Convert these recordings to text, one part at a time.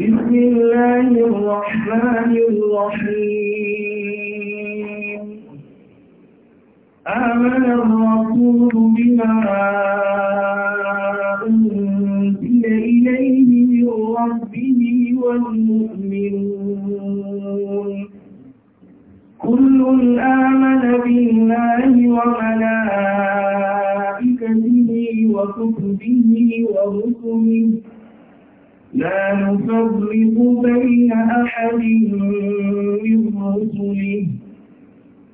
بسم الله الرحمن الرحيم آمن الرسول بما أنزل إليه من ربه والمؤمنون كل آمن بالله وملائكته وكتبه ورسله لا نفرق بين أحد من رسله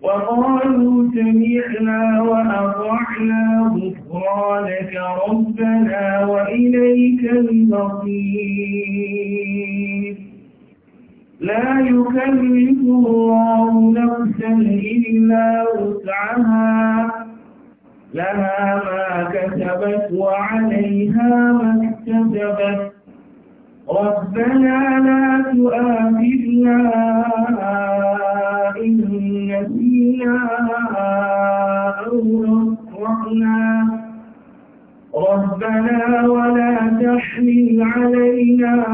وقالوا سمعنا وأطعنا غفرانك ربنا وإليك المصير لا يكلف الله نفسا إلا وسعها لها ما كسبت وعليها ما اكتسبت ربنا لا تؤاخذنا إن نسينا أو ربنا ولا تحمل علينا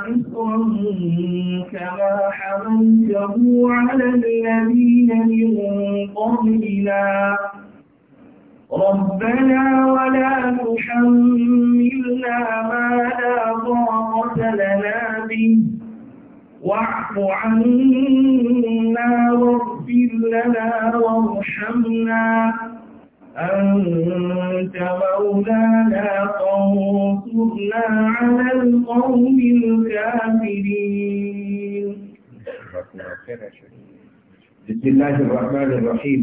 إصرا كما حملته على الذين من قبلنا ربنا ولا تحملنا ما لا طاقة لنا به واعف عنا واغفر لنا وارحمنا أنت مولانا فانصرنا على القوم الكافرين بسم الله الرحمن الرحيم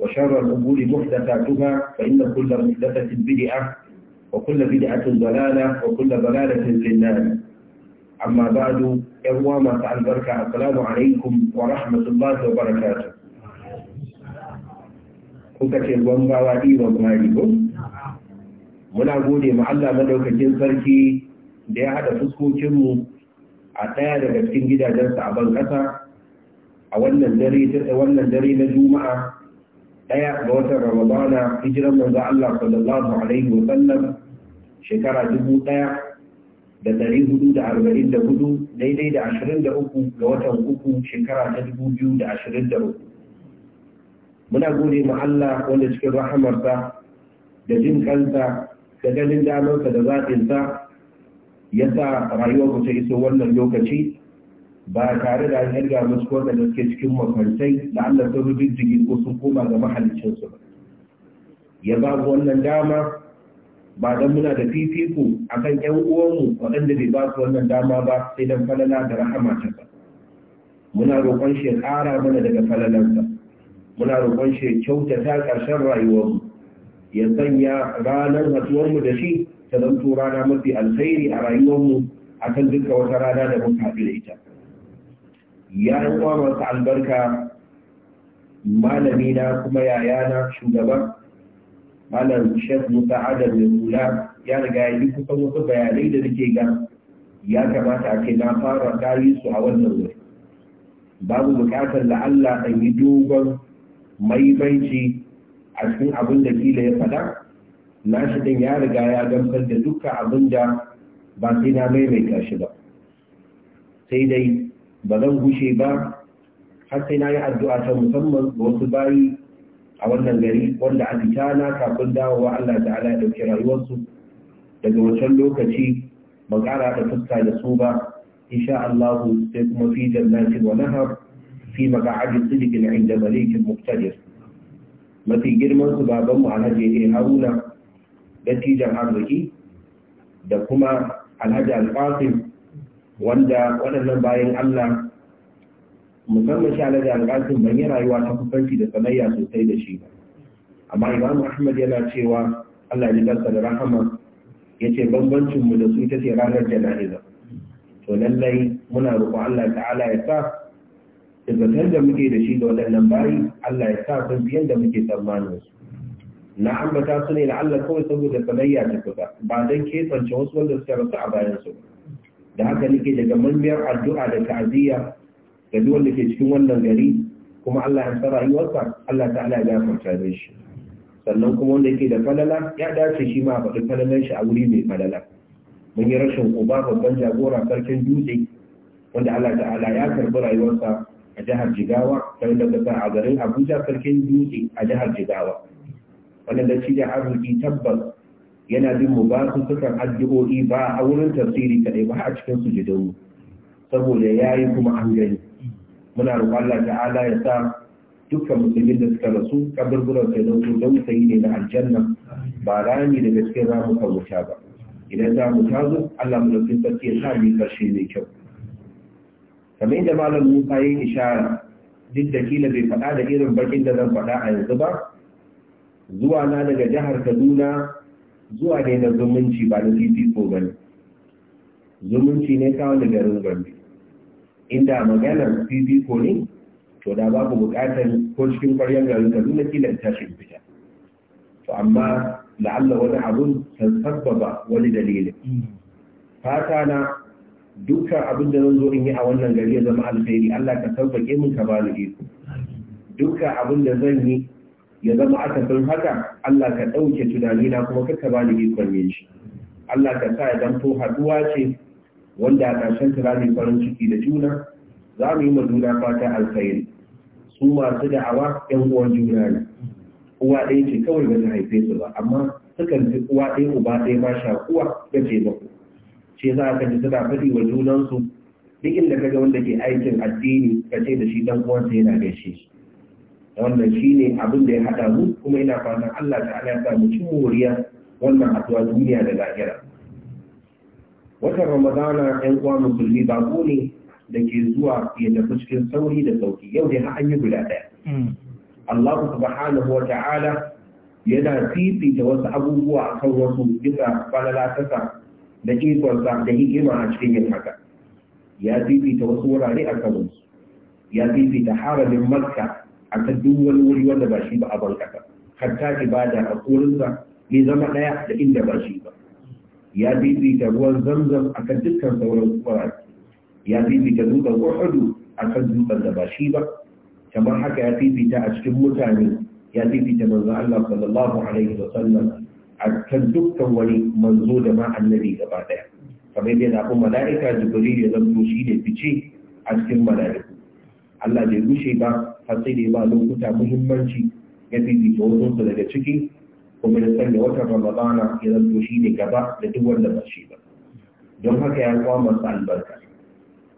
وشر الأمور محدثاتها فإن كل محدثة بدعة وكل بدعة ضلالة وكل ضلالة في النار أما بعد يوم البركة السلام عليكم ورحمة الله وبركاته kuka ce gwambawa ɗiban mari ko? muna gode ma Allah madaukakin sarki da ya haɗa fuskokinmu a ɗaya daga cikin gidajensa a ban ƙasa a wannan dare na juma'a ɗaya ga watan ramadana hijiran manzo Allah sallallahu alaihi wa sallam shekara dubu ɗaya da ɗari hudu da arba'in da hudu daidai da ashirin da uku ga watan uku shekara ta dubu biyu da ashirin da uku muna gode ma Allah wanda cikin rahamarsa da jin kansa da ganin damarsa da zaɓinsa ya sa rayuwar ta iso wannan lokaci ba tare da an yarda musu ko da suke cikin mafarkai da Allah sun rubi jigi ko sun koma ga mahallicin su ya ba wannan dama ba dan muna da fifiko akan uwan uwanmu waɗanda bai ba su wannan dama ba sai dan falala da rahama ta ba muna roƙon shi ya ƙara mana daga sa. muna roƙon shi ya kyautata ƙarshen rayuwarmu ya sanya ranar mu da shi ta zanto rana mafi alkhairi a rayuwar mu akan duka wata rana da muka kafi da ita ya yi masu albarka malami kuma yaya na shugaba malam shek musa adam mai hula ya riga ya yi kusan wasu bayanai da nake ga ya kamata a ce na fara kayi su a wannan wuri babu bukatar da Allah ɗan yi dogon maimaici a cikin abin da kila ya faɗa na shi ɗin ya riga ya gamsar da dukkan abin da ba sai na maimaita shi ba sai dai ba zan gushe ba har sai na yi addu'a ta musamman ga wasu bayi a wannan gari wanda a fita na kafin dawowa Allah ta'ala ya ɗauki rayuwarsu daga wancan lokaci ba ƙara da fuska da su ba insha Allah sai kuma fi jannati wa nahar fi maq'adi sidiqin inda malikin muqtadir mafi girman su baban mu Alhaji ne Haruna dattijan arziki da kuma Alhaji al wanda waɗannan bayan Allah musamman shi da alƙasin ban yi rayuwa ta kusanci da sanayya sosai da shi amma imam ahmad yana cewa Allah ya kansa da rahama ya ce bambancin mu da su ta ce ranar jana'iza to lallai muna roƙo Allah ta'ala ya sa tabbatar da muke da shi da waɗannan bayi Allah ya sa sun fiye da muke tsammanin su na ambata su ne la'alla Allah kawai saboda sanayya ta kusa ba don kesance wasu wanda suka rasu a bayan su ba da haka nake daga mulmiyar addu'a da ta'aziyya ga duk wanda ke cikin wannan gari kuma Allah ya tsara rayuwarsa Allah ta'ala ya gafarta da shi sannan kuma wanda yake da falala ya dace shi ma a faɗi falalan shi a wuri mai falala mun yi rashin uba babban jagora sarkin dutse wanda Allah ta'ala ya karɓi rayuwarsa a jihar Jigawa sai da kasa a garin Abuja sarkin dutse a jihar Jigawa wannan da shi da arziki tabbas yana bin mu ba su sukan addu'o'i ba a wurin tafsiri kaɗai ba a cikin sujudu saboda yayi kuma an gani muna roƙon Allah ta'ala ya sa dukkan musulmin da suka rasu kaburburan sai da su don sai ne na aljanna ba rami daga cikin ramuka wuta ba idan za mu tazo Allah mu rufin sarki ya sa mu karshe mai kyau kamar inda malam Musa ya ishara duk da kila bai faɗa da irin bakin da zan faɗa a yanzu ba zuwa na daga jihar Kaduna zuwa ne na zumunci ba na fifiko ba ne zumunci ne kawo da garin inda maganar fifiko ne to da babu bukatar ko cikin kwaryar garin kaduna kila ta fita to amma la'alla wani abun kan sabbaba wani dalilin fata na dukkan abin da zan zo in yi a wannan gari ya zama alheri Allah ka sauƙaƙe min ka bani iko dukkan abin da zan yi ya zama aka tafin haka Allah ka ɗauke tunani na kuma ka ba ni ikon yin shi Allah ka sa ya zanto haɗuwa ce wanda a ƙarshen ta farin ciki da juna za mu yi ma juna fata alkhairi su masu da'awa ƴan uwan juna ne uwa ɗaya ce kawai ba ta haife su ba amma sukan fi uwa ɗaya uba ɗaya ba sha uwa ce ba ce za ka ji suna faɗi wa junansu duk inda kaga wanda ke aikin addini ka ce da shi dan uwansa yana gaishe shi wannan shine abin da ya haɗa mu kuma ina fata Allah ta'ala ya sa mu cin moriya wannan addu'a duniya da lahira watan ramadana yan uwa musulmi ba ne da ke zuwa ya tafi cikin sauri da sauki yau dai har an yi guda ɗaya hmm. Allah subhanahu wa ta'ala yana fifita wasu abubuwa akan wasu bisa falala tasa da ikonsa da hikima a cikin yin haka ya fifita wasu wurare a kansu ya fifita haramin makka akan duk wani wuri wanda ba shi ba a bankasa hatta ibada a kurinsa bai zama ɗaya da inda ba shi ba ya bibita ruwan zamzam akan dukkan sauran kwararru ya bibita dutsen uhudu akan dutsen da ba shi ba kamar haka ya fifita a cikin mutane ya fifita manzo Allah sallallahu alaihi wa sallam akan dukkan wani manzo da ma annabi gaba daya kamar yadda zaɓi mala'ika jibril ya zanto shi ne fice a cikin mala'iku Allah bai rushe ba har sai da ba lokuta muhimmanci ya fifita wasu daga ciki kuma ya sanya watan Ramadana ya zanto shi ne gaba da duk wanda ba shi ba don haka ya kwa masu albarka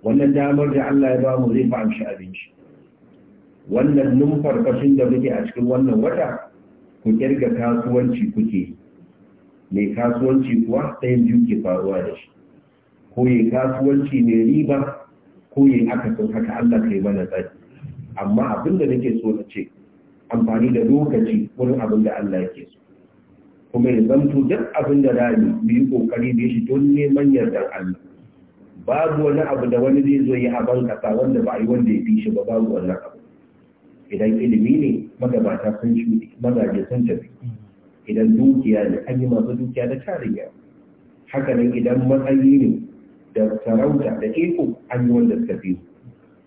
wannan damar da Allah ya ba mu zai amshi abinci wannan numfar numfarfashin da muke a cikin wannan wata ku kirga kasuwanci kuke mai kasuwanci kuwa ɗayan biyu ke faruwa da shi ko yi kasuwanci mai riba koyin aka haka haka Allah kai mana tsari amma abin da nake so na ce amfani da lokaci wurin abin da Allah yake so kuma ya zanto duk abin da rami mu kokari da shi don neman yardan Allah babu wani abu da wani zai zo yi a bankasa wanda ba a yi wanda ya fi shi ba babu wannan abu idan ilimi ne magabata sun shuɗe magaje sun tafi idan dukiya ne an yi masu dukiya da tarin haka nan idan matsayi ne da sarauta da iko an yi wanda suka fi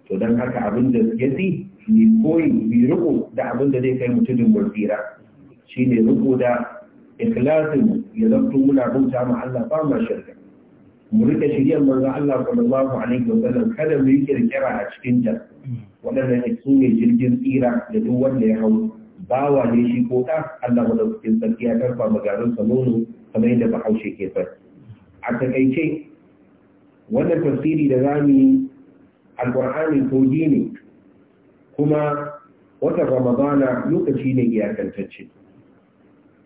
to don haka abin da ya fi ni koyi bi riko da abin da zai kai mutumin Shi shine riko da ikhlasin ya zanto muna bauta ma Allah ba ma shirka mu rika shirya manzon Allah sallallahu alaihi wasallam kada mu yi kirkira a cikin ta wadannan su ne jirgin tsira da duk wanda ya hau bawa ne shi ko ta Allah madaukakin sarki ya karfa magarin sa nono kamar yadda bahaushe ke faɗi a takaice wannan tafsiri da zamu yi alqur'ani ko gini, kuma wata ramadana lokaci ne iyakantacce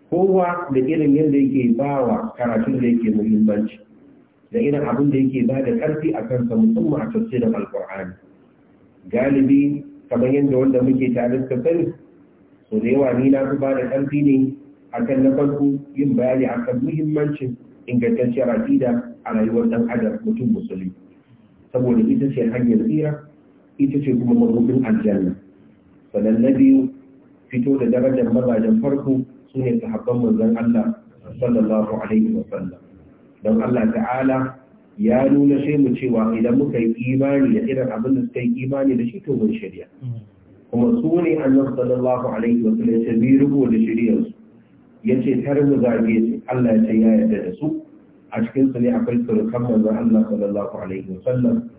kowa da irin yadda yake ba wa karatun da yake muhimmanci da irin abin da yake ba da ƙarfi a kansa musamman a tafsirin alkur'ani galibi kamar yadda wanda muke tare da sani so da yawa ni na fi ba da ƙarfi ne akan na farko yin bayani akan muhimmancin ingantacciyar aƙida a rayuwar ɗan adam mutum musulmi saboda ita ce hanyar tsira ita ce kuma mazubin aljanna sannan na biyu fito da darajar mazajen farko su ne sahabban manzon Allah sallallahu alaihi wa sallam don Allah ta'ala ya nuna sai mu cewa idan muka yi imani da irin abin da suka yi imani da shi to mun shirya hmm. kuma su ne annabi sallallahu alaihi wa sallam ya bi rubo da shiriyarsu ya ce kar mu zage su Allah ya ce ya yarda da su a cikin su ne akwai surukan manzon Allah sallallahu alaihi wasallam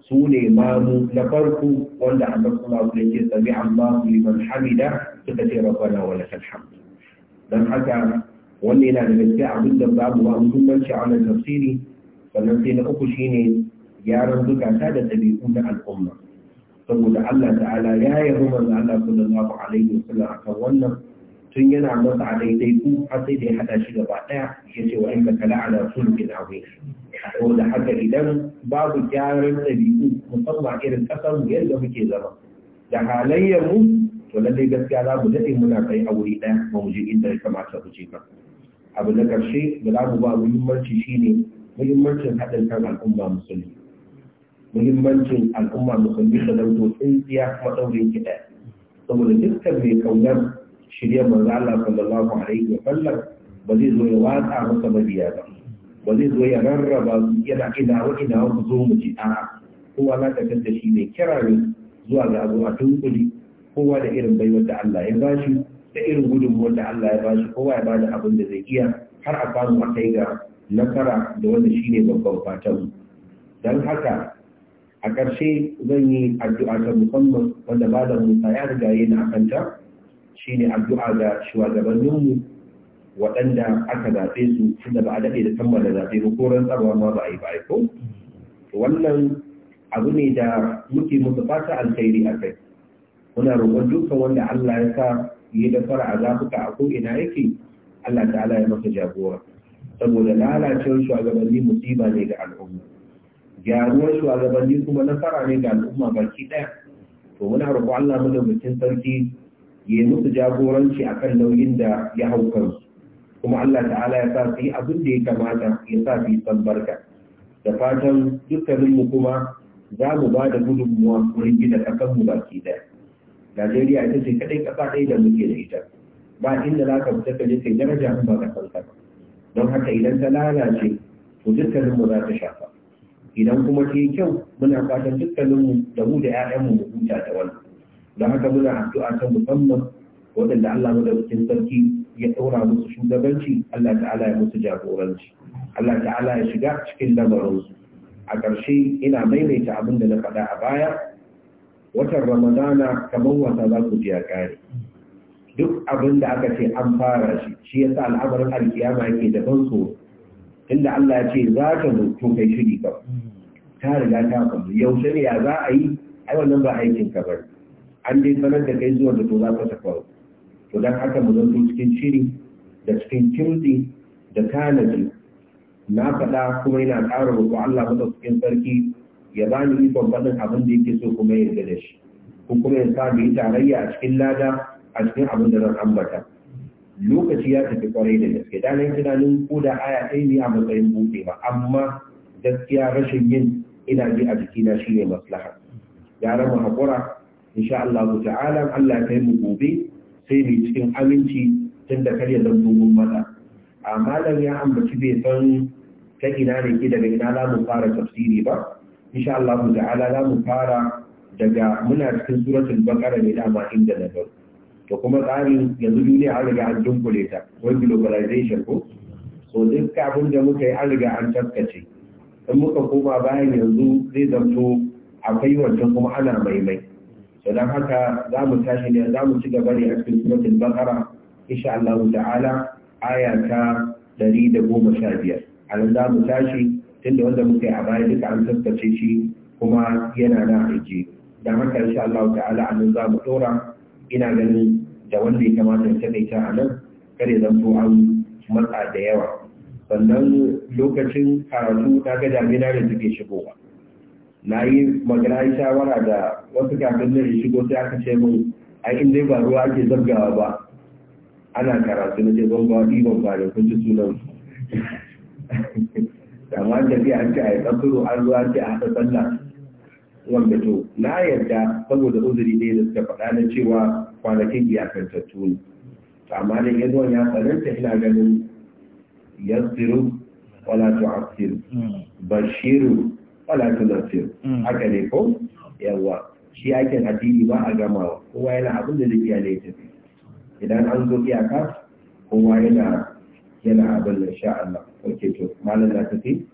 su ne mamu na farko wanda annabi sallallahu alaihi wasallam ya ce sami Allahu liman hamida suka ce rabbana wa lakal hamd dan haka wannan yana da gaske abin da za mu ba muhimmanci a wannan tafsiri sannan sai na uku shine gyaran zukata da ɗabi'u na al'umma saboda Allah ta'ala ya yi manzo Allah sallallahu alaihi wasallam akan wannan tun yana masa a daidai ku har sai da ya hada shi gaba daya ya ce wa in ka kala ala sulhin abu da haka idan babu gyaran dabi'u musamman irin kasar mu yadda muke zama da halayyar mu to lallai gaskiya za mu dade muna kai a wuri daya ba mu je inda ya kamata mu je ba abu na karshe da za mu ba muhimmanci shine muhimmancin haɗin kan al'umma musulmi muhimmancin al'umma musulmi da dauto tsintsiya matsaurin kiɗa saboda dukkan mai kaunar shirya manzo Allah sallallahu alaihi wa sallam ba zai zo ya watsa masa mabiya ba ba zai zo ya rarraba su yana ina wa ina ku zo mu ji a'a kowa na ta da shi mai kira ne zuwa ga abu a tunkuli kowa da irin baiwar da Allah ya bashi da irin gudunmuwar da Allah ya bashi kowa ya bada abin da zai iya har a samu a kai ga nasara da wanda shine babban fatan don haka a ƙarshe zan yi addu'a ta musamman wanda da Musa ya riga kanta akanta Shi ne addu'a ga shugabanninmu waɗanda aka zaɓe su tunda ba a daɗe da kammala zaɓe ba ko tsarwa ma ba a yi ba ko wannan abu ne da muke musu fata alkhairi a kai muna roƙon dukkan wanda Allah ya sa yi da fara a zafuka a ko ina yake Allah ta'ala ya masa jagora saboda lalacewar shugabanni musiba ne ga al'umma gyaruwar shugabanni kuma nasara ne ga al'umma baki ɗaya to muna roƙon Allah da bikin sarki ya musu jagoranci a kan nauyin da ya hau kansu kuma Allah ta'ala ya sa su yi abin da ya kamata ya sa su yi barka da fatan dukkaninmu kuma za mu ba da gudunmuwa wurin gina mu baki ɗaya Najeriya ita ce kaɗai kasa ɗaya da muke da ita ba inda za ka fita kaje kai daraja mu ba ka don haka idan ta lalace to dukkanin za ta shafa idan kuma ta yi kyau muna fatan dukkanin mu da mu da mu mu huta da wannan Da haka muna addu'a ta musamman waɗanda Allah madaukakin sarki ya ɗaura musu shugabanci Allah ta'ala ya musu jagoranci Allah ta'ala ya shiga cikin lamarinsu a ƙarshe ina maimaita abin da na faɗa a baya watan ramadana kamar wata za ku biya ƙari. duk abin da aka ce an fara shi shi ya sa al'amarin alkiyama yake da ban so inda Allah ya ce za ka zo to kai shiri ka ta riga ta faru yaushe ne ya za a yi ai wannan ba aikin ka bari an dai sanar da kai zuwa da to za ka tafaru to don haka mu zanto cikin shiri da cikin kirzi da tanaji na faɗa kuma yana ƙara roƙo Allah cikin sarki ya ba ni ikon faɗin abin da yake so kuma ya yarda da shi ko kuma ya sa mu yi tarayya a cikin lada a cikin abin da zan ambata lokaci ya tafi kwarai da gaske da nan tunanin ko da aya ɗaya ne a matsayin buɗe ba amma gaskiya rashin yin ina ji a jikina shine maslaha ya rama haƙura insha Allah ta'ala Allah ya kai mu gobe sai mu cikin aminci tunda da kare zan dogon mata amma dan ya ambaci bai san ta ina ne ke daga ina za mu fara tafsiri ba insha Allah ta'ala za mu fara daga muna cikin suratul baqara ne ma inda na ba to kuma tsarin yanzu duniya har riga an dunkule ta wai globalization ko so duk da muka yi an riga an taskace in muka koma bayan yanzu zai zanto akwai wancan kuma ana maimai sadan haka za mu tashi ne za mu ci gaba da a cikin suratul baqara insha Allah ta'ala aya ta 115 anan za mu tashi tunda wanda muka yi a baya duka an tattace shi kuma yana na aiki don haka insha Allah ta'ala anan za mu dora ina ganin da wanda ya kamata ya ta a nan kare zan to an matsa da yawa sannan lokacin karatu ta ga damina da suke shigowa na yi magana yi shawara da wasu kafin ya shigo sai aka ce mun ai in dai ba ruwa ake zabgawa ba ana karatu na ce ban ba ɗiban ba da kun ji sunan tafiya an ce a yi tsakuro an ruwa ce a haɗa sallah wanda to na yarda saboda uzuri ne da suka faɗa na cewa kwanakin iyakantattu ne amma da ya zuwa ya tsananta ina ganin yasiru wala tu'assiru hmm. bashiru wala tunasir mm. haka ne ko yawa shi yakin addini ba a gamawa kowa yana abin da zai iya ne idan an zo iyaka kowa yana yana abin da sha Allah ok to malam na tafi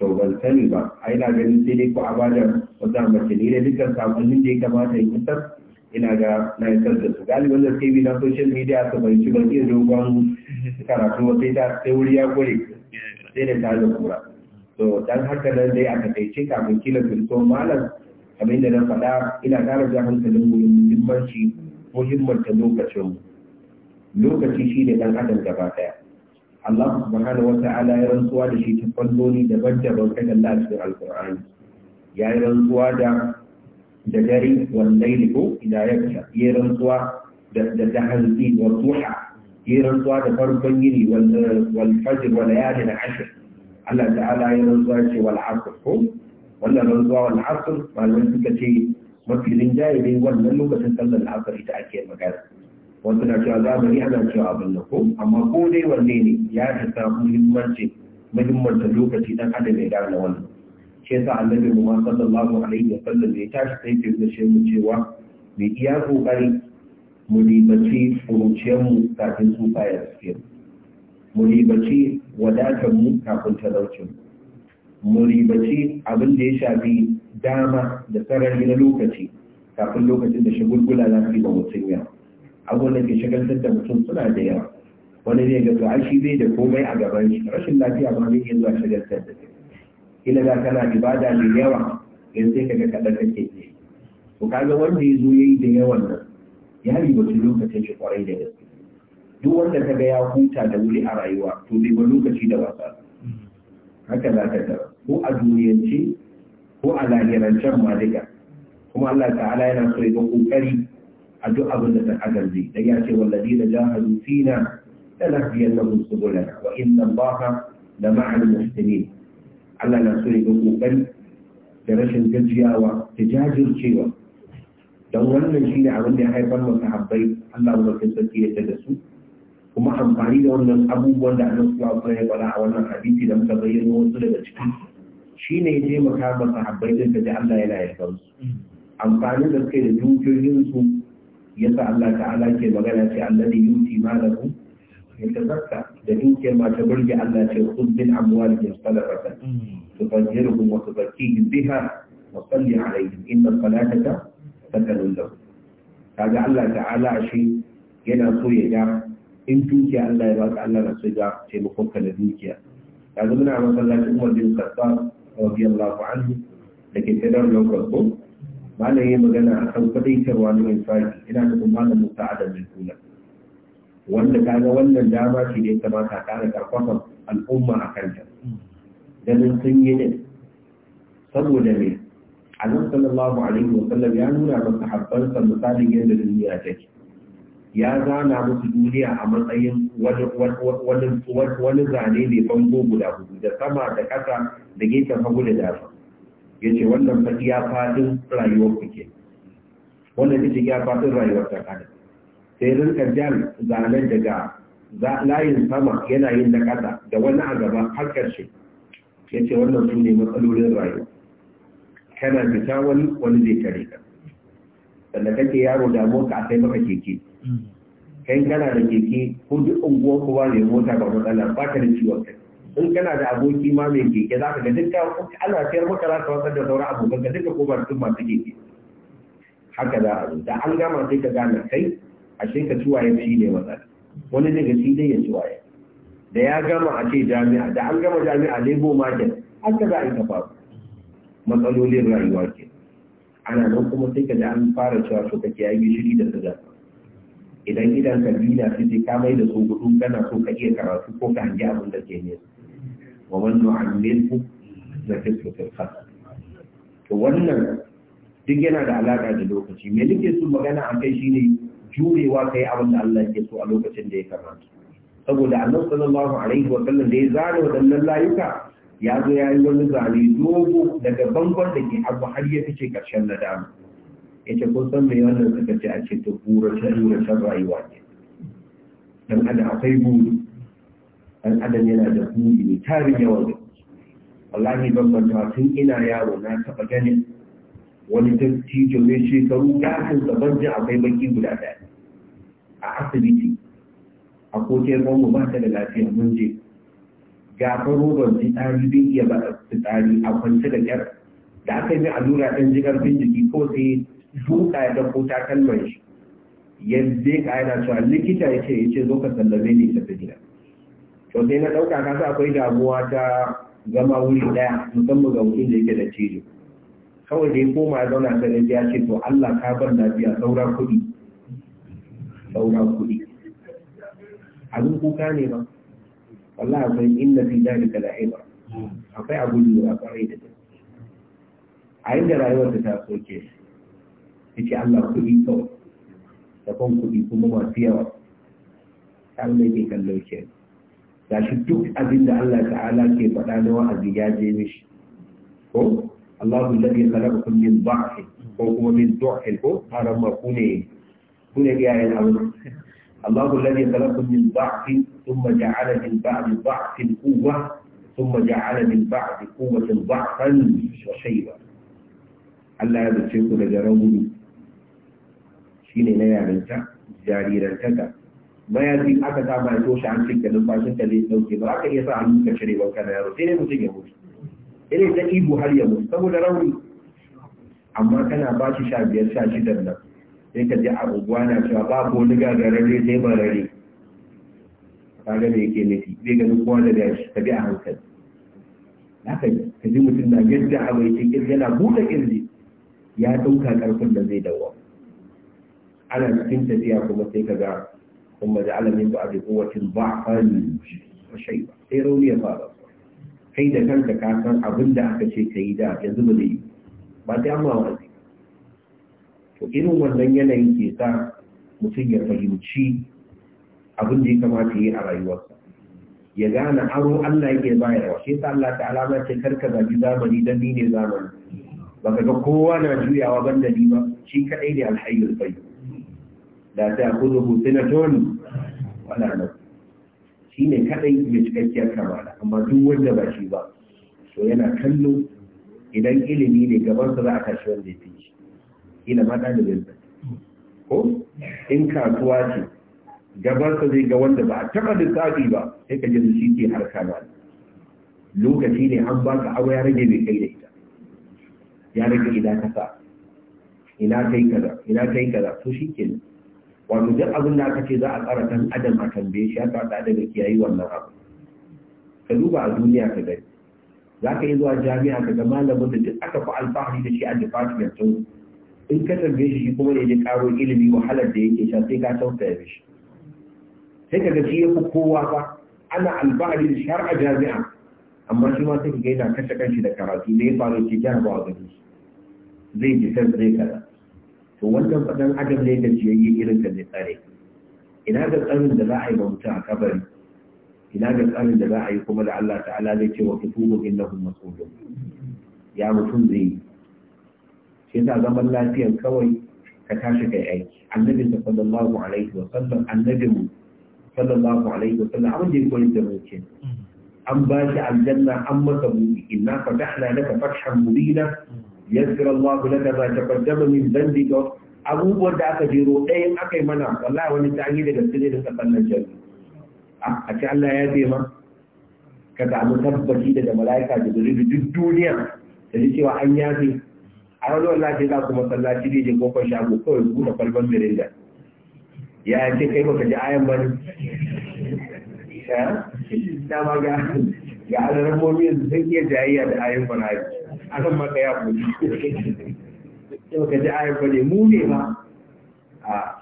to ban sani ba ai na ganin sai dai ko a bada wata mace ne da dukkan sakonnin da ya kamata ya isar ina ga na isar da su galibin da suke bi na social media su fahimci ban iya dogon karatu wata ita, sai wuri ya kure sai da ta da kura to dan haka nan dai aka taice kafin kila firto malam kamar da na faɗa ina ƙara ja hankalin mu muhimmanci muhimmanta lokacin lokaci shi ne ɗan adam gaba ɗaya Allah subhanahu wa ta'ala ya rantsuwa da shi ta fannoni daban-daban ta kalla a cikin alƙur'ani ya yi rantsuwa da da dare wallai da ko ina ya yi rantsuwa da da hanzi wa duha yi rantsuwa da farkon yini wal fajr wa layalin ashr Allah ta'ala ya rantsuwa ce wal asr ko wannan rantsuwa wal asr malamai suka ce mafi rinjaye wannan lokacin sallar al'asar ita ake magana wasu na cewa yi ana cewa abin da, ko amma ko dai wanne ne ya isa muhimmanci muhimmanta lokaci dan adam ya gane wannan shi yasa annabi Muhammad sallallahu alaihi wa sallam ya tashi sai ke da shi mu cewa mu iya kokari mu ribaci furuciyar mu kafin su faya suke mu ribaci wadatar mu kafin talaucin mu ribaci abin da ya shafi dama da sarari na lokaci kafin lokacin da shagulgula za su yi ba mutum yawa abubuwan da ke shagaltar da mutum suna da yawa wani ne ga tsohashi bai da komai a gaban shi rashin lafiya ba zai iya zuwa shagaltar da ila za kana ibada mai yawa yanzu sai kaga kaɗan kake Ku ku kaga wanda ya zo ya yi da yawan nan ya ribaci lokacin shi kwarai da gaske duk wanda ka ga ya huta da wuri a rayuwa to bai ba lokaci da wasa haka za ka tara ko a duniyance ko a lahirancen ma duka kuma Allah ta'ala yana so ya ga kokari a duk abin da ta adam zai da ya ce wallazi da jahadu fina da lafiyan da subulana wa inna allaha la ma'al muhsinin Allah na so ya ga kokari da rashin gajiyawa da jajircewa don wannan shine abin da ya haifar masa habbai Allah ba ya da su kuma amfani da wannan abubuwan da annabi sallallahu alaihi wasallam ya faɗa a wannan hadisi da muka bayyana wasu daga cikin shi ne ya taimaka ma sahabbai da Allah yana yarda su amfani da kai da dukiyoyin su yasa Allah ta'ala ke magana ce alladhi yuti malahu yatazakka da dukiyar ma ta burge Allah ce khuddin amwalihim sadaqatan tutahhiruhum wa tuzakkihim biha wa salli alaihim inna salataka sakanun lahum kaga Allah ta'ala shi yana so ya ga in dukiya Allah ya baka Allah na sai ga taimakon ka na dukiya Ya zama na masallaci Umar bin Khattab radiyallahu anhu da ke tsadar lokacin ko na ya magana a kan kwadaitarwa na infaki ina nufin malamin sa'adar mai kula wanda kaga wannan dama ce da ya kamata ƙara karfafa al'umma a kanta ganin sun yi ne saboda ne annabi sallallahu alaihi wa sallam ya nuna masa habbansa misalin yadda duniya take ya zana musu duniya a matsayin wani zane mai bango guda hudu da sama da ƙasa da gefen hagu da dama ya ce wannan faɗi ya faɗin rayuwar kuke wannan ita ya faɗin rayuwar ta kada sai rinka jan zanen daga layin sama yana yin na ƙasa da wani a gaba har ƙarshe ya ce wannan su ne matsalolin rayuwa kana fita wani wani zai tare ka sannan kake yaro damuwa ka a sai maka keke kai kana da keke ko duk unguwar ko ba mai mota ba Allah ba ka da ciwon kai in kana da aboki ma mai keke za ka ga duka ana sayar maka za ka watsar da sauran abokan ka duka ko ba su masu keke haka za a da an gama sai ka gane kai a sai ka tuwaye shi ne matsala wani daga shi dai ya tuwaye. da ya gama a ce jami'a da an gama jami'a lebo market haka za a yi ka matsalolin rayuwa ke ana nan kuma sai ka da an fara cewa so kake ya gishiri da su idan gidan kabila sai sai ka mai da su gudu kana so ka iya karatu ko ka hangi abin da ke nesa wa wannan da to wannan duk yana da alaka da lokaci me nake so magana a kai shine jurewa kai abin da Allah yake so a lokacin da ya karatu saboda allah sallallahu alaihi wa sallam da ya zare wadannan layuka ya zo ya yi wani zane dogo daga bangon da ke abu har ya fice karshen nadama yace kun san me wannan suka ce a ce ta burace burace rayuwa ne dan adam akwai buri dan adam yana da buri ne tarin yawan da wallahi ban manta tun ina yaro na taba ganin wani dattijo mai shekaru ya san gaban jin akwai baki guda daya a asibiti a kokin mu ba ta da lafiya mun je gafan roban fitsari bin iya ba fitsari a kwance da kyar da aka yi allura ɗan ji ƙarfin jiki ko sai duka ya dauko kalmar shi yadda ka yana cewa likita ya ce ya ce zo ka sallame ne ta fi gida to sai na ɗauka kasa akwai damuwa ta zama wuri ɗaya musamman ga mutum da yake da cijo kawai da ya koma ya zauna ta ya ce to Allah ka bar lafiya saura kuɗi saura kuɗi abin kuka ne ba wallahi akwai inna fi dalika la'iba akwai abu da akwai da a inda rayuwar ta soke shi yace Allah kuɗi kawai da ban kuɗi kuma masu yawa abin da yake kallo ke gashi duk abin da Allah ta'ala ke faɗa na wa'azi ya je mishi ko Allahu alladhi khalaqakum min dha'fin ko kuma min du'fin ko haram ma kune kune ga yayin abin Allahu alladhi khalaqakum min dha'fin thumma ja'ala min ba'di dha'fin quwwa thumma ja'ala min ba'di quwwatin dha'fan wa shayba Allah ya bace ku daga rauni Shi ne na yarinta jarirantaka mayafi aka sa ba to shi an cika numfashin ta zai dauke ba aka iya sa hannun ka cire ba kana yaro sai dai mutum ya mutu ire ta ibu har ya mutu saboda rauni amma kana ba shi sha biyar sha shidan nan sai ka ji a unguwa na cewa ba ko ni rare sai marare kaga me yake nufi zai ganin kowa da shi. ka bi a hankali haka ka ji mutum na yadda abai cikin yana buɗe kirji ya ɗauka ƙarfin da zai dawo ana cikin tafiya kuma sai ka ga kuma da alamin ba a da kowacin ba a sai rauni ya fara kai da kanka ka san abin da aka ce ka yi da yanzu ba zai yi ba ta amma wa zai to irin wannan yanayin ke sa mutum ya fahimci abin da ya kamata ya yi a rayuwarsa ya gane aro Allah yake bayarwa shi yasa Allah ta alama ce karka zabi zamani dan ni ne zamani baka ga kowa na juyawa ban da ni ba shi kadai ne alhayyul qayyum da ta kudu hutunatun wala na shi ne kadai mai cikakkiyar kamala amma duk wanda ba shi ba so yana kallo idan ilimi ne gaban sa za a tashi wanda ya fi shi ina ma sa. ko in kasuwa ce gaban sa zai ga wanda ba a taɓa lissafi ba sai ka ji shi ke harka ba lokaci ne an baka aure ya rage mai kai da ita ya rage ina kasa ina kai kaza ina kai kaza to shi kenan wani duk abin da aka ce za a tsara kan adam a tambaye shi aka da daga kiyayi wannan abu ka duba a duniya ka gani za ka yi zuwa jami'a ka ga malamin da duk aka fi alfahari da shi a department sun in ka tambaye shi kuma ne ya karo ilimi wahalar da yake sha sai ka tausaya mishi sai ka ga shi ya fi kowa ba ana alfahari da shi har a jami'a amma shi ma sai ka ga yana kashe kanshi da karatu da ya faru ke a gani zai ji sai zai kaza to wannan faɗan adam ne da jiyayye irin da zai tsare ina ga tsarin da za a yi ba mutum a kabari ina ga tsarin da za a yi kuma da Allah ta'ala zai ce wa fituhu innahum mas'ulun ya mutum zai sai ta zaman lafiyan kawai ka tashi kai aiki annabi sallallahu alaihi wa sallam annabin sallallahu alaihi wa sallam abin da ya koyi da mutum an ba shi aljanna an masa buɗi inna fatahna laka fathan mubina yaghfir Allahu laka ma taqaddama min dhanbika abubuwan da aka jero ɗayan aka yi mana wallahi wani ta yi da gaske ne da kallon jami a ce Allah ya ce ma ka samu tabbaci daga mala'ika da zuri duk duniya da ji cewa an yafe a wani wallahi ce za ku masallaci ne je kofar shago kawai da kwalban mirinda ya ce kai baka ji ayan ba ne eh? ma ga ga alarmomi yanzu sun iya jayayya da ayan banari a kan maka ya kuli sai baka ji ayar ba ne mu ne ba a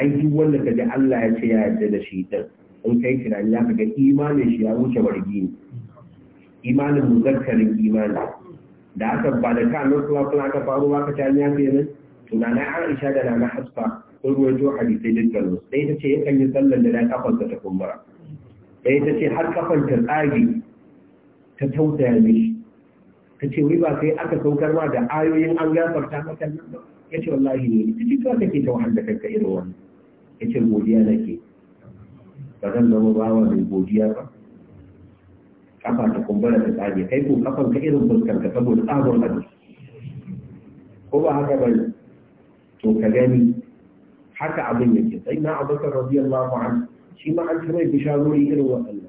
ai wanda ka ji Allah ya ce ya yarda da shi ta. in kai tunani za ka ga imanin shi ya wuce wargi ne imanin muzakkarin imani da aka ba da kan nan kuma kuma aka faru ba ka tani ya ce tunanin Aisha da Nana Hafsa sun ruwaito hadisai dukkan su sai ta ce yakan yi sallar da na kafarsa ta kumbura sai ta ce har kafanta ta tsage ta tausaya mishi ta ce wuri ba kai aka saukar ma da ayoyin an gafarta maka nan ba ya ce wallahi ne ta ce tuwa kake ta wahal da kanka irin wani. ya ce godiya nake ba zan zama bawa mai godiya ba kafa ta kumbura ta tsage kai ko kafan ka irin fuskar ka saboda tsagon abu ko ba haka ba to ka gani haka abin yake sai na abubakar radiyallahu anhu shi ma an ta mai bisharori irin wannan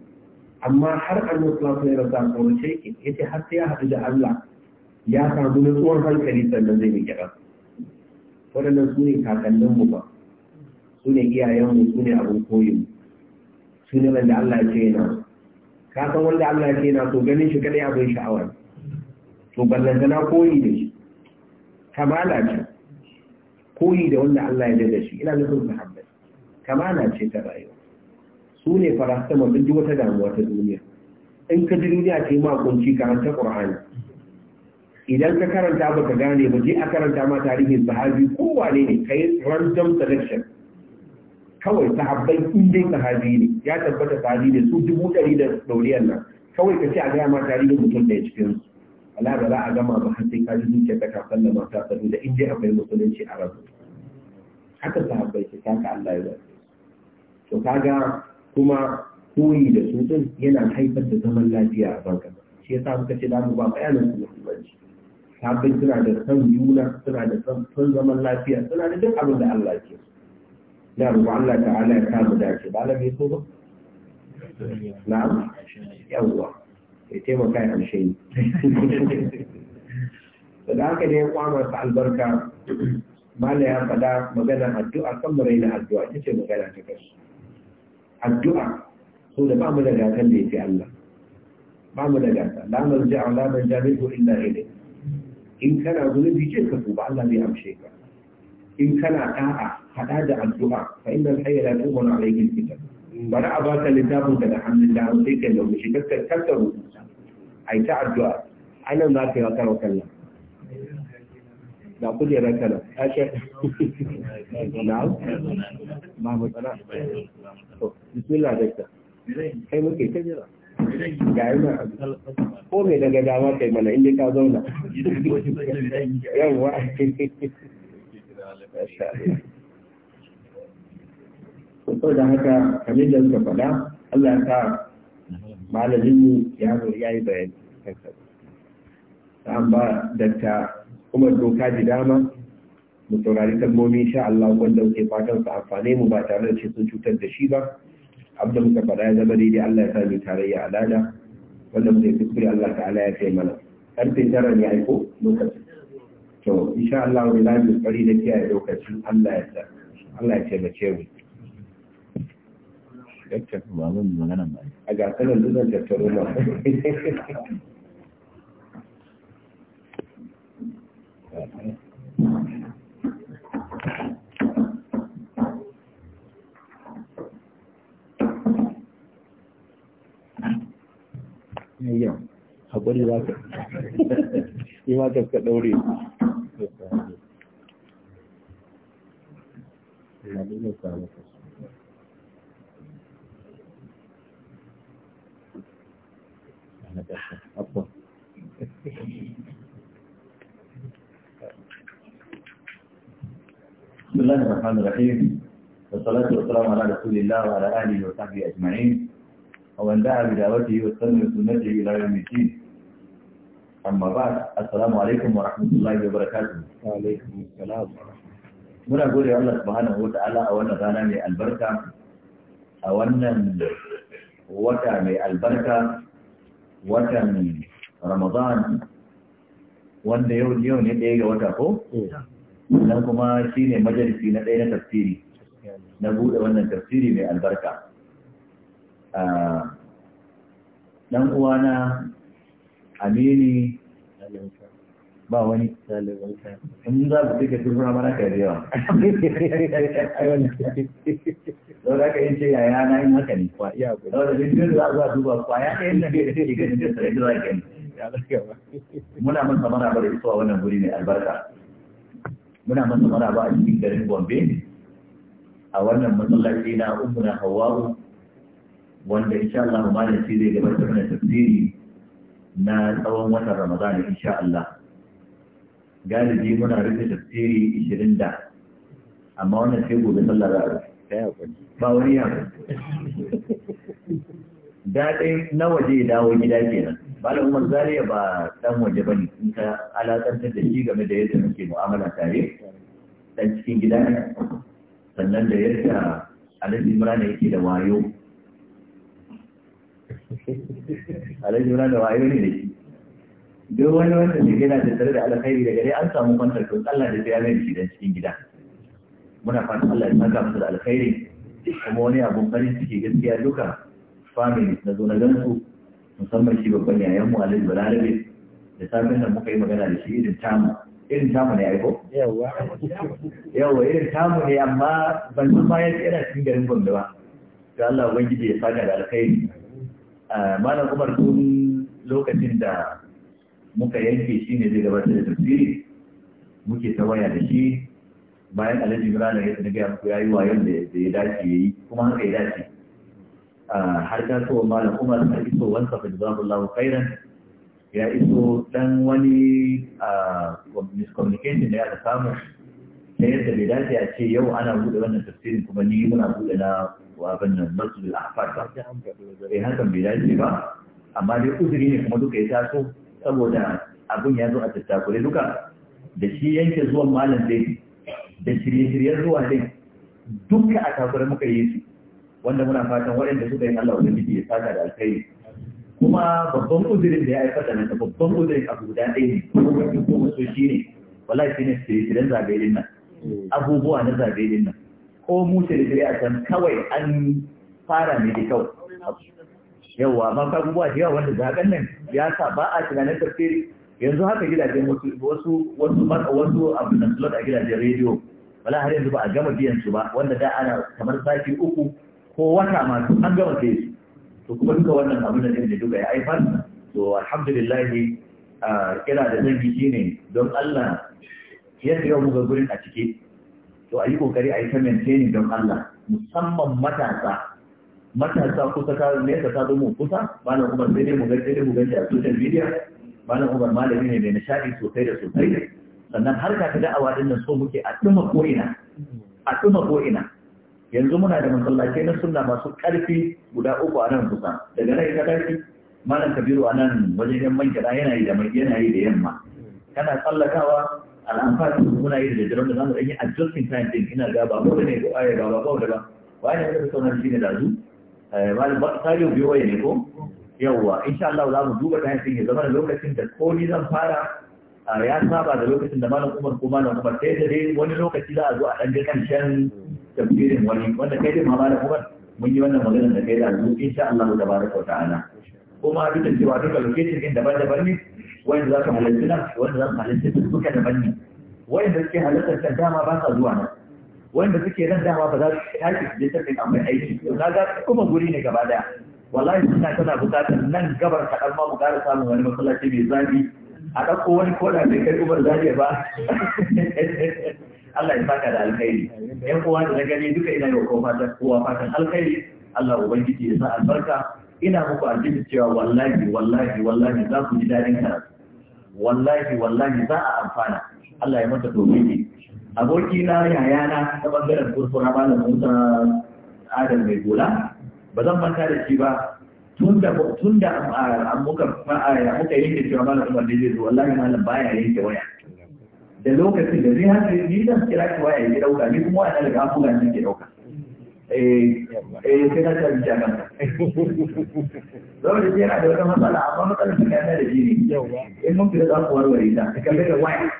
amma har annabi sallallahu alaihi wasallam ko sheki yace har sai ya haɗu da Allah ya samu nutsuwar hankali sannan zai miƙe ran waɗannan su ne kakannin mu ba su ne iyayen mu su ne abin koyin su ne wanda Allah ya ce yana ka san wanda Allah ya ce yana to ganin shi kadai abin sha'awa to ballantana koyi da shi kamala ce koyi da wanda Allah ya da shi ina nufin muhammad, kamala ce ta rayuwa su ne farasitamol duk wata damuwa ta duniya in ka ji duniya ce ma kunci karanta qur'ani idan ka karanta ba ka gane ba je a karanta ma tarihin sahabi ko wane ne kai random selection kawai sahabbai in dai sahabi ne ya tabbata sahabi ne su dubu ɗari da ɗauriyar nan kawai ka ce a gaya ma tarihin mutum da ya cikin su ala ba za a gama ba har sai ka ji zuciya ta kafin da mata sanu da in dai akwai musulunci a rabu haka sahabbai ke haka Allah ya zai to kaga kuma koyi da su din yana haifar da zaman lafiya a banka shi yasa muka ce zamu ba bayanan su muhimmanci sabbin suna da san juna suna da san zaman lafiya suna da duk abin da Allah ke da ruwa Allah ta'ala ya kama dace ba la so ba na'am yawa ya taimaka ya amshe ni da haka ne ya kwama ta albarka mala ya faɗa magana addu'a kan mu raina addu'a ita ce magana ta kashi addu'a so da ba mu da gatan da yake Allah ba mu da gata la malja la malja minhu illa ilayhi in kana zulubi ce ka ba Allah zai amshe ka in kana ta'a hada da addu'a fa innal hayya la tughna alayhi al bari a abaka littafin daga hannun da sai kai da mushi kakka kakka rubuta ai ta addu'a anan za ka yi wa karo kallon ga kujerar ka nan ya ce na mu to bismillah dakta kai muke ta jira ga yi na ko daga dama kai mana inda ka zauna yawwa da haka kamar da suka faɗa Allah ta malamin ya yi bayani ba dakta kuma doka ji dama mu saurari kalmomi insha Allah wanda muke fatan su amfane mu ba tare da shi sun cutar da shi ba abda muka faɗa ya zama daidai Allah ya sa mu tarayya alada wanda muke kuskure Allah ta'ala ya kai mana karfe tara ne aiko lokaci to insha Allah wani lafi kokari da kiyaye lokacin Allah ya sa Allah ya taimake mu dakta ba mun magana ba a ga sanan dukkan tattaro ma yau haƙuri za ka yi ma ka ɗaure بسم الله الرحمن الرحيم والصلاة والسلام على رسول الله وعلى آله وصحبه أجمعين ومن دعا wa واستنى بسنته الى يوم الدين amma ba assalamu alaikum wa rahmatullahi wa barakatuh wa alaikum assalam muna gode Allah subhanahu ta'ala a wannan rana mai albarka a wannan wata mai albarka watan Ramadan wanda yau yau ne ɗaya ga wata ko eh. nan kuma shine majalisi na ɗaya na tafsiri na buɗe wannan tafsiri mai albarka ɗan uwana amini ba wani in za su duka sun yi. mana kai yawa sau da aka ce yaya na haka ne sau da jirgin a duba kwaya da ke ganin da muna ba wannan guri ba a cikin a wannan na umuna hawa'u wanda insha Allah malam shi zai gabatar da tafsiri na tsawon watan Ramadan insha Allah galibi muna rufe tafsiri 20 da amma wannan sai gobe sallar ra'a ba wani ya dai na waje dawo gida kenan da Umar Zariya ba dan waje bane in ka alakantar da shi game da yadda muke mu'amala tare dan cikin gida sannan da yadda Alhaji murana yake da wayo alhaji wani da wayo ne da shi duk wani wanda ne yana da tare da alkhairi daga dai an samu kwantar to Allah da ya mai shi da cikin gida muna fatan Allah ya saka musu da alkhairi kuma wani abun farin ciki gaskiya duka family na zo na gansu musamman shi babban yayan mu Alhaji Balarabe da safin nan muka yi magana da shi irin tamu irin tamu ne aiko? Yawwa. Yawwa irin tamu ne amma ban san ma yana cikin garin Gombe ba. Ga Allah Ubangiji ya saka da alkhairi. malam umar tun lokacin da muka yanke shi ne zai gabatar da tafsiri muke ta waya da shi bayan alhaji birane ya tsina gaya ya yi wayon da ya dace yayi kuma haka ya dace har ta so malam umar ta iso wansa fa lawo kairan ya iso dan wani miscommunication da ya samu ta yadda bai dace a ce yau ana buɗe wannan tafsirin kuma ni muna bude na abin nan masu al'afar ba eh hakan bai dace ba amma dai uzuri ne kuma duka ya taso saboda abin ya zo a tattakure duka da shi yanke zuwan malam dai da shirye-shiryen zuwa dai duka a takure muka yi su wanda muna fatan waɗanda suka yi Allah wajen biki ya saka da alkhairi kuma babban uzurin da ya haifar da nasa babban uzurin a guda ɗaya ne kuma ko so shi ne wallahi shi ne shirye-shiryen zabe nan abubuwa na zabe din nan ko mu shirye a can kawai an fara ne da kyau Yawwa amma ka abubuwa da yawa wanda zaɓen nan ya sa ba a tunanin tafsiri yanzu haka gidajen wasu wasu wasu abu na slot a gidajen rediyo wala har yanzu ba a gama biyan su ba wanda da ana kamar sati uku ko wata masu an gama sai su to kuma duka wannan abu da ne duka ya haifar to alhamdulillahi, kira ah, da zan yi shi ne don Allah yadda yau muka gurin a ciki to a yi kokari a yi ta maintaining don Allah musamman matasa matasa kusa ka nesa ta zo mu kusa malam Umar sai dai mu ga sai dai mu ga a social media malam Umar malami ne mai nishadi sosai da sosai sannan har ka awa din nan so muke a tuma ko ina a tuma ko ina yanzu muna da masallaci na sunna masu karfi guda uku a nan kusa daga nan ka karfi malam Kabiru a nan wajen yan manja da yana yi da yamma kana tsallakawa al'amfani muna yi da jiran da zamu ɗanyi adjusting time din ina ga ba ko ne ko aya ga ba ko da ba wani ne da sauran shi ne da zu wani ba ta biyo waye ne ko yawwa insha Allah za mu duba time din ya zama lokacin da ko ni zan fara ya saba da lokacin da malam Umar ko malam Umar sai da dai wani lokaci za a zo a ɗan ga karshen tafsirin wani wanda kai dai malam Umar mun yi wannan magana da kai da zu insha Allah tabaraka wa ta'ala kuma duk da cewa duka location din daban-daban ne wanda za ka halarci nan wanda za su halarci su duka da ne wanda suke halartar can dama ba sa zuwa nan wanda suke nan dama ba za su tashi su je tafi amma aiki to ga kuma guri ne gaba daya wallahi suna tana buƙatar nan gabar kaɗan ma mu ƙara samun wani masallaci mai zafi a ɗauko wani koda bai kai umar zafi ba Allah ya saka da alkhairi Ƴan uwa da na gani duka ina yau kowa fatan alkhairi Allah ubangiji ya sa albarka ina muku aljibin cewa wallahi wallahi wallahi za ku ji daɗin karatu wallahi wallahi za a amfana Allah ya mata tobili aboki na yayana ta bangaren kurkura malam Musa Adam mai gola ba zan manta da shi ba tun da tun da ah, ah, muka ah, muka yanke cewa malam Umar ne zai zo wallahi malam baya yanke waya da lokacin da zai haka ni da kira ki waya ya dauka ni kuma waya daga afuga ne ke dauka Eh, eh sai na tafi jana saboda yana da wata matsala amma matsalar su yana da jini in mun fita za ku warware ta ka kalle da waya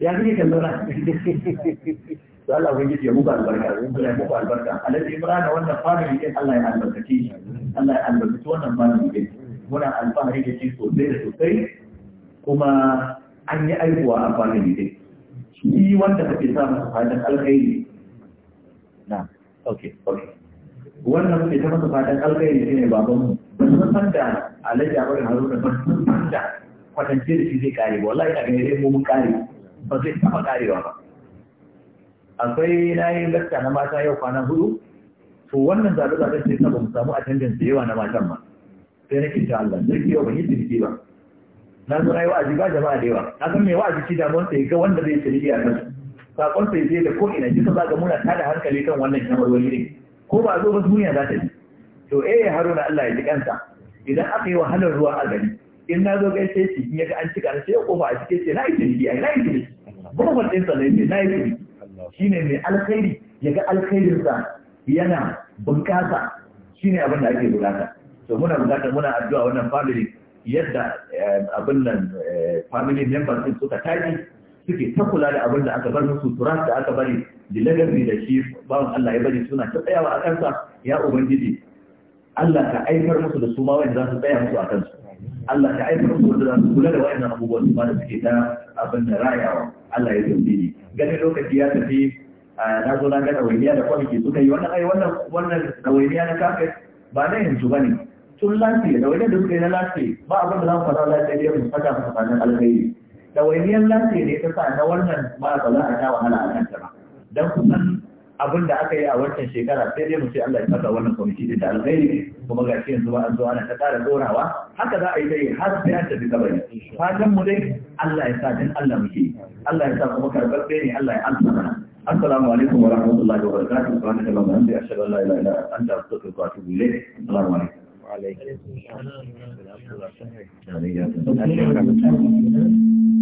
ya kike kallona to Allah kun ya buga albarka kun kula muku albarka alhaji imran wannan family ɗin, Allah ya albarkaci Allah ya albarkaci wannan family din muna alfahari da shi sosai da sosai kuma an yi aihuwa a family din shi wanda kake sa masa fatan alkhairi wannan muke ta masa fatan alkhairi shine baban mu ba san san da Alhaji Abubakar Haruna ba san san da kwatance da shi zai kare ba wallahi ina ganin dai mu mun kare ba zai taba karewa ba akwai na yi lakta na mata yau kwana hudu to wannan zaɓe zaɓe sai saba mu samu attendance da yawa na matan ma sai nake ta Allah sai yau ban yi tilki ba na zo na yi wa'azi ba jama'a da yawa na san mai wa'azi shi damuwar sai ga wanda zai tilki a kansu sakon sai zai da ko ina jika za ga muna tada hankali kan wannan shawarwari ne ko ba zo ba duniya za ta yi. to eh haruna Allah ya ji kansa idan aka yi wahalar ruwa a gari in na zo gaishe shi in ga an cika sai ya kofa a cike ce na yi ciniki ai na yi ba ba ɗin sa ne na yi ciniki shine mai alkhairi ya ga sa yana bunƙasa shine abin da ake bukata to muna bukata muna addu'a wannan family yadda eh, abin nan eh, family members din suka tashi suke ta kula da abin da aka bar musu turas da aka bari da lagabi da shi bawan Allah ya bari suna ta tsayawa a kansa ya ubangiji Allah ka aikar musu da su ma wanda za su tsaya musu a kansu Allah ka aikar musu da za su kula da wa'annan abubuwan su ma da suke ta abin da rayawa Allah ya zambi ni ganin lokaci ya tafi na zo na ga ɗawainiya da kwamiki suka yi wannan ai wannan wannan ɗawainiya na kafet ba na yanzu ba ne tun lafiya ɗawainiya da suka yi na lafiya ba abin da za mu fara lafiya da mu faɗa mu tsakanin alkhairi da wainiyar lafi ne ta sa na wannan ma ba za a sha wahala a kanta ba don kusan abin da aka yi a wancan shekara sai dai mace Allah ya saka wannan kwamiti da alkhairi kuma ga yanzu ba an zo ana ta ƙara dorawa haka za a yi dai har sai an tafi kabari fatan mu dai Allah ya sa din Allah muke Allah ya sa kuma karɓar ne Allah ya amsa mana السلام عليكم ورحمة الله وبركاته سبحانك اللهم وبحمدك أشهد أن لا إله إلا أنت أستغفرك وأتوب إليك السلام عليكم وعليكم السلام ورحمة الله وبركاته